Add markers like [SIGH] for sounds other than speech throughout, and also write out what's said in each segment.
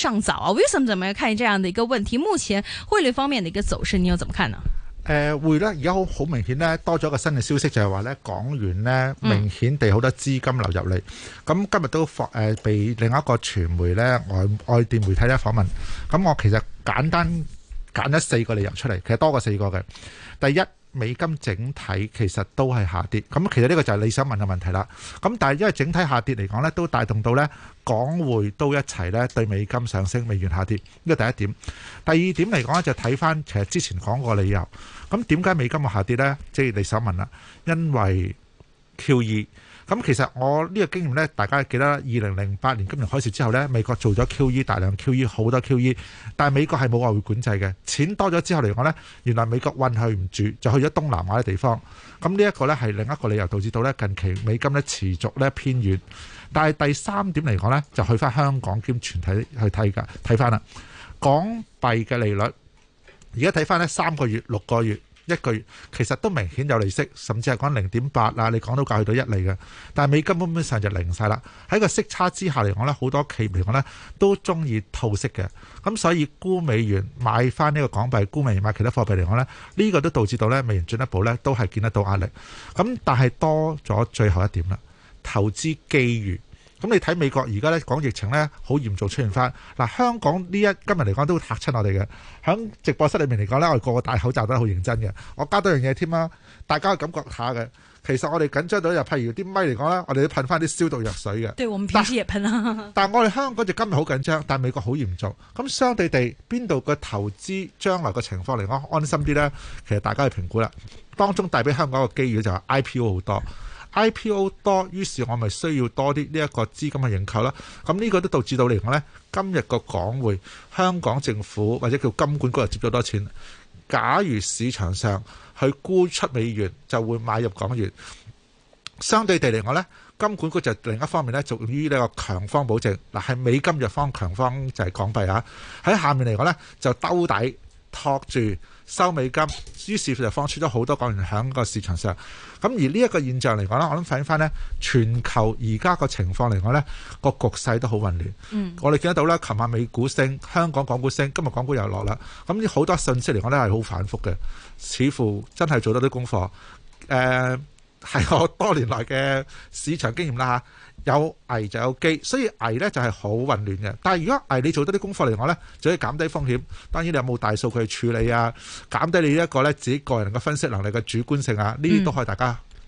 上早啊？為什麼？怎麼樣看這樣的一個問題？目前匯率方面的一個走勢，你又怎麼看呢？誒、呃，匯率而家好好明顯咧，多咗個新嘅消息就係話咧，港元咧明顯地好多資金流入嚟。咁、嗯、今日都訪誒，被另一個傳媒咧外外電媒體咧訪問。咁我其實簡單揀咗四個理由出嚟，其實多過四個嘅。第一。美金整體其實都係下跌，咁其實呢個就係你想問嘅問題啦。咁但係因為整體下跌嚟講呢都帶動到呢港匯都一齊呢對美金上升，美元下跌。呢個第一點。第二點嚟講呢就睇翻其實之前講過嘅理由。咁點解美金嘅下跌呢？即係你想問啦，因為 Q 二。咁其實我呢個經驗咧，大家記得二零零八年金融海嘯之後咧，美國做咗 QE，大量 QE，好多 QE，但係美國係冇外匯管制嘅，錢多咗之後嚟講咧，原來美國運去唔住，就去咗東南亞嘅地方。咁呢一個咧，係另一個理由導致到咧，近期美金咧持續咧偏軟。但係第三點嚟講咧，就去翻香港兼全體去睇噶，睇翻啦，港幣嘅利率而家睇翻咧，三個月、六個月。一個月其實都明顯有利息，甚至係講零點八啊，你講到價去到一厘嘅，但係美金根本上就零晒啦。喺個息差之下嚟講呢，好多企業嚟講呢都中意套息嘅，咁所以沽美元買翻呢個港幣，沽美元買其他貨幣嚟講呢，呢、呢個都導致到呢美元進一步呢都係見得到壓力。咁但係多咗最後一點啦，投資機遇。咁你睇美國而家咧，講疫情咧好嚴重，出現翻。嗱，香港呢一今日嚟講都嚇親我哋嘅，喺直播室裏面嚟講咧，我哋個個戴口罩都係好認真嘅，我加多樣嘢添啦，大家感覺下嘅。其實我哋緊張到又譬如啲咪嚟講啦，我哋都噴翻啲消毒藥水嘅。對，我們平時也噴。但係 [LAUGHS] 我哋香港就今日好緊張，但係美國好嚴重。咁相對地邊度嘅投資將來嘅情況嚟講安心啲咧？其實大家去評估啦。當中帶俾香港一個機遇就係 IPO 好多。IPO 多，於是，我咪需要多啲呢一個資金去認購啦。咁呢個都導致到嚟講呢，今日個港匯，香港政府或者叫金管局又接咗多錢。假如市場上去沽出美元，就會買入港元。相對地嚟講呢，金管局就另一方面呢就屬於呢個強方保證。嗱，係美金弱方，強方就係港幣啊。喺下面嚟講呢，就兜底。托住收美金，於是乎就放出咗好多港元喺個市場上。咁而呢一個現象嚟講呢，我諗反映翻呢，全球而家個情況嚟講呢，個局勢都好混亂。嗯。我哋見得到咧，琴晚美股升，香港港股升，今日港股又落啦。咁呢好多信息嚟講呢係好反覆嘅，似乎真係做多啲功課。誒、呃，係我多年來嘅市場經驗啦。有危就有機，所以危呢就係好混亂嘅。但係如果危你做多啲功課嚟講呢，就可以減低風險。當然你有冇大數據去處理啊，減低你呢一個呢自己個人嘅分析能力嘅主觀性啊，呢啲都可以大家。嗯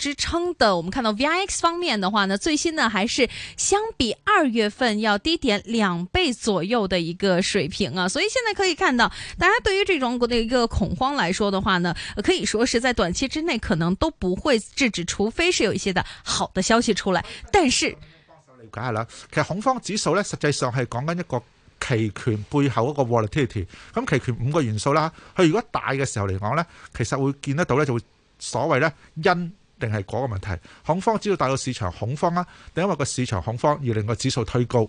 支撐的，我們看到 VIX 方面的話呢，最新呢還是相比二月份要低點兩倍左右的一個水平啊。所以現在可以看到，大家對於這種的一個恐慌來說的話呢，可以說是在短期之內可能都不會制止，除非是有一些的好的消息出來。但是，了解下啦，其實恐慌指數呢，實際上係講緊一個期權背後一個 volatility。咁期權五個元素啦，佢如果大嘅時候嚟講呢，其實會見得到呢就會所謂呢因。定係嗰個問題，恐慌只要帶到市場恐慌啦，定因為個市場恐慌而令個指數推高？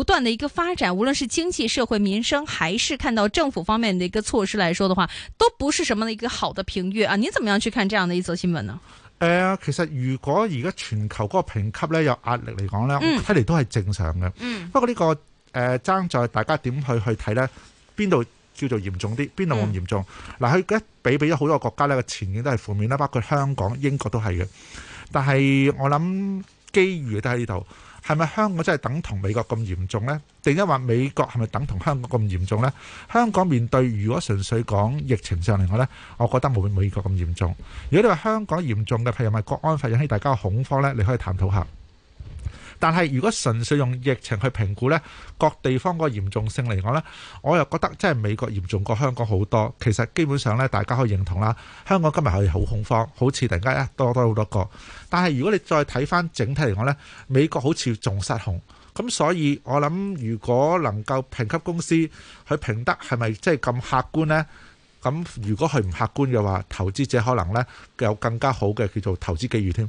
不斷的一個發展，無論是經濟社會民生，還是看到政府方面的一個措施來說的話，都不是什麼一個好的評閱啊！你怎麼樣去看這樣的一則新聞呢？誒、呃、其實如果而家全球嗰個評級咧有壓力嚟講，睇嚟都係正常嘅。嗯，不過呢、這個誒爭、呃、在大家點去去睇咧，邊度叫做嚴重啲，邊度更嚴重？嗱、嗯，佢一比比咗好多國家呢嘅前景都係負面啦，包括香港、英國都係嘅。但係我諗機遇都喺呢度。係咪香港真係等同美國咁嚴重呢？定一話美國係咪等同香港咁嚴重呢？香港面對如果純粹講疫情上嚟講呢，我覺得冇美國咁嚴重。如果你話香港嚴重嘅，譬如係咪國安法引起大家恐慌呢，你可以探討下。但係如果純粹用疫情去評估呢，各地方個嚴重性嚟講呢，我又覺得真係美國嚴重過香港好多。其實基本上呢，大家可以認同啦。香港今日係好恐慌，好似突然間一多多好多個。但係如果你再睇返整體嚟講呢，美國好似仲失控。咁所以我諗，如果能夠評級公司去評得係咪即係咁客觀呢？咁如果佢唔客觀嘅話，投資者可能呢，有更加好嘅叫做投資機遇添。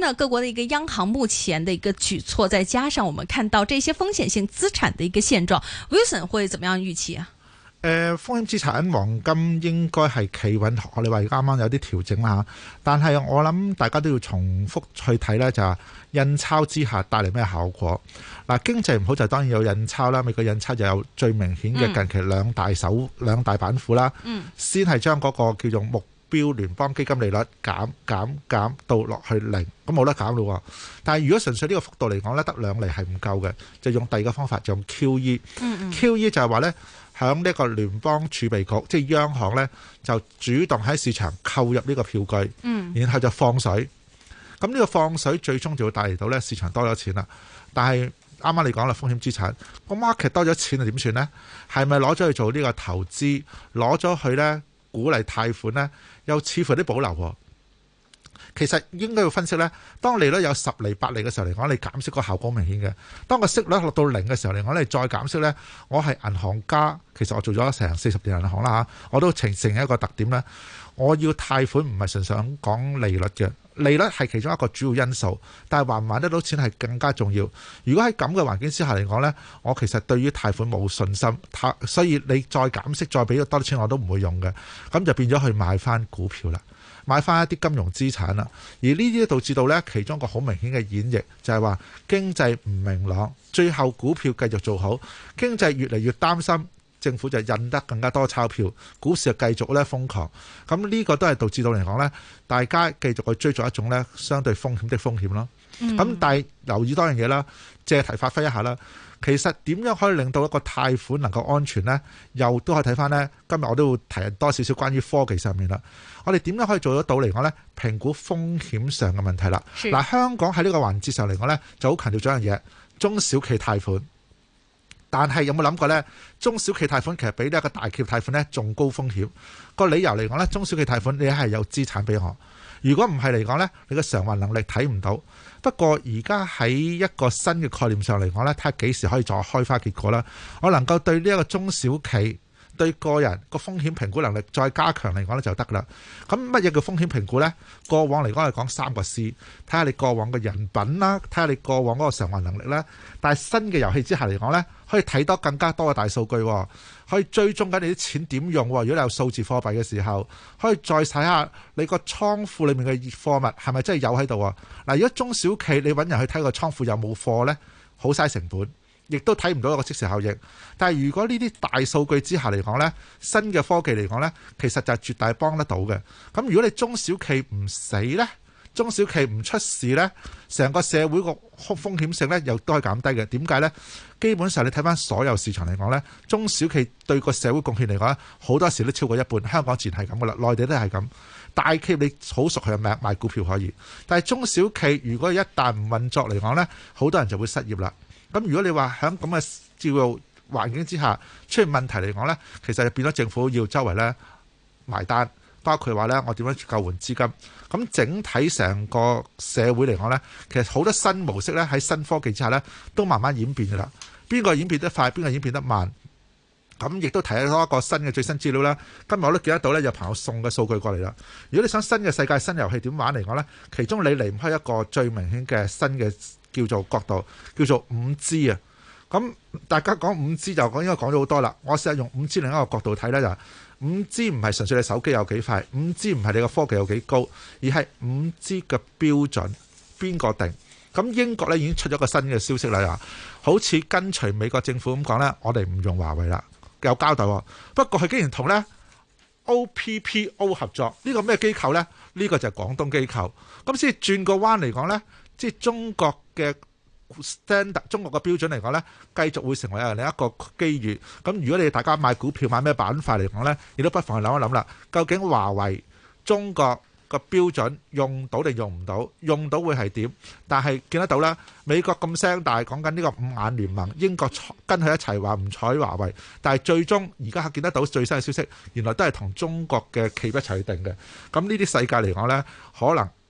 那各國的一個央行目前的一個舉措，再加上我們看到這些風險性資產的一個現狀，Wilson 會怎麼樣預期啊？誒、呃，風險資產黃金應該係企穩，我哋話啱啱有啲調整啦，但係我諗大家都要重複去睇咧，就係、是、印鈔之下帶嚟咩效果？嗱、啊，經濟唔好就當然有印鈔啦，美國印鈔就有最明顯嘅近期兩大手、嗯、兩大板斧啦，嗯，先係將嗰個叫做木。標聯邦基金利率減減減到落去零，咁冇得減咯。但係如果純粹呢個幅度嚟講咧，得兩厘係唔夠嘅，就用第二個方法，就用 QE。嗯嗯。QE 就係話呢，響呢個聯邦儲備局，即係央行呢，就主動喺市場購入呢個票據，嗯，然後就放水。咁、這、呢個放水最終就會帶嚟到呢市場多咗錢啦。但係啱啱你講啦，風險資產個 market 多咗錢係點算呢？係咪攞咗去做呢個投資？攞咗去呢？鼓勵貸款呢又似乎啲保留喎。其實應該要分析咧，當利率有十釐、八釐嘅時候嚟講，你減息個效果明顯嘅。當個息率落到零嘅時候嚟講咧，你再減息咧，我係銀行家，其實我做咗成四十年銀行啦嚇，我都成成一個特點咧，我要貸款唔係純粹講利率嘅，利率係其中一個主要因素，但係還唔還得到錢係更加重要。如果喺咁嘅環境之下嚟講咧，我其實對於貸款冇信心，貸所以你再減息再俾多啲錢我都唔會用嘅，咁就變咗去買翻股票啦。買翻一啲金融資產啦，而呢啲導致到呢，其中一個好明顯嘅演繹就係話經濟唔明朗，最後股票繼續做好，經濟越嚟越擔心，政府就印得更加多鈔票，股市就繼續咧瘋狂，咁呢個都係導致到嚟講呢，大家繼續去追逐一種呢，相對風險的風險咯。咁、嗯、但係留意多樣嘢啦，借題發揮一下啦。其實點樣可以令到一個貸款能夠安全呢？又都可以睇翻呢。今日我都會提多少少關於科技上面啦。我哋點樣可以做得到嚟講呢？評估風險上嘅問題啦。嗱，香港喺呢個環節上嚟講呢，就好強調咗樣嘢，中小企貸款。但係有冇諗過呢？中小企貸款其實比呢個大企業貸款呢仲高風險。個理由嚟講呢，中小企貸款你係有資產俾我。如果唔係嚟講呢，你嘅償還能力睇唔到。不過而家喺一個新嘅概念上嚟講呢，睇下幾時可以再開花結果啦。我能夠對呢一個中小企。對個人個風險評估能力再加強嚟講咧就得噶啦。咁乜嘢叫風險評估呢？過往嚟講係講三個 C，睇下你過往嘅人品啦，睇下你過往嗰個償還能力啦。但係新嘅遊戲之下嚟講呢，可以睇多更加多嘅大數據，可以追蹤緊你啲錢點用。如果你有數字貨幣嘅時候，可以再睇下你個倉庫裏面嘅貨物係咪真係有喺度啊？嗱，如果中小企你揾人去睇個倉庫有冇貨呢？好嘥成本。亦都睇唔到一個即時效應，但係如果呢啲大數據之下嚟講呢，新嘅科技嚟講呢，其實就絕大幫得到嘅。咁如果你中小企唔死呢，中小企唔出事呢，成個社會個風險性呢又都係減低嘅。點解呢？基本上你睇翻所有市場嚟講呢，中小企對個社會貢獻嚟講呢好多時都超過一半。香港自然係咁噶啦，內地都係咁。大企業你好熟，佢賣賣股票可以，但係中小企如果一旦唔運作嚟講呢，好多人就會失業啦。咁如果你話喺咁嘅教育環境之下出現問題嚟講咧，其實就變咗政府要周圍咧埋單，包括話咧我點樣去救援資金。咁整體成個社會嚟講咧，其實好多新模式咧喺新科技之下咧都慢慢演變噶啦。邊個演變得快，邊個演變得慢？咁亦都睇得到一個新嘅最新資料啦。今日我都記得到咧，有朋友送嘅數據過嚟啦。如果你想新嘅世界、新遊戲點玩嚟講咧，其中你離唔開一個最明顯嘅新嘅。叫做角度，叫做五 G 啊！咁大家講五 G 就講應該講咗好多啦。我試下用五 G 另一個角度睇呢，就五 G 唔係純粹你手機有幾快，五 G 唔係你個科技有幾高，而係五 G 嘅標準邊個定？咁英國呢已經出咗個新嘅消息啦，好似跟隨美國政府咁講呢，我哋唔用華為啦，有交代。不過佢竟然同呢 OPPO 合作，呢個咩機構呢？呢個就係廣東機構。咁先轉個彎嚟講呢。即、就是、中國嘅 stand，中國嘅標準嚟講呢，繼續會成為另一個機遇。咁如果你大家買股票買咩板塊嚟講呢，你都不妨去諗一諗啦。究竟華為中國個標準用到定用唔到？用到會係點？但係見得到啦，美國咁聲大講緊呢個五眼聯盟，英國跟佢一齊話唔睬華為，但係最終而家見得到最新嘅消息，原來都係同中國嘅企業一齊定嘅。咁呢啲世界嚟講呢，可能。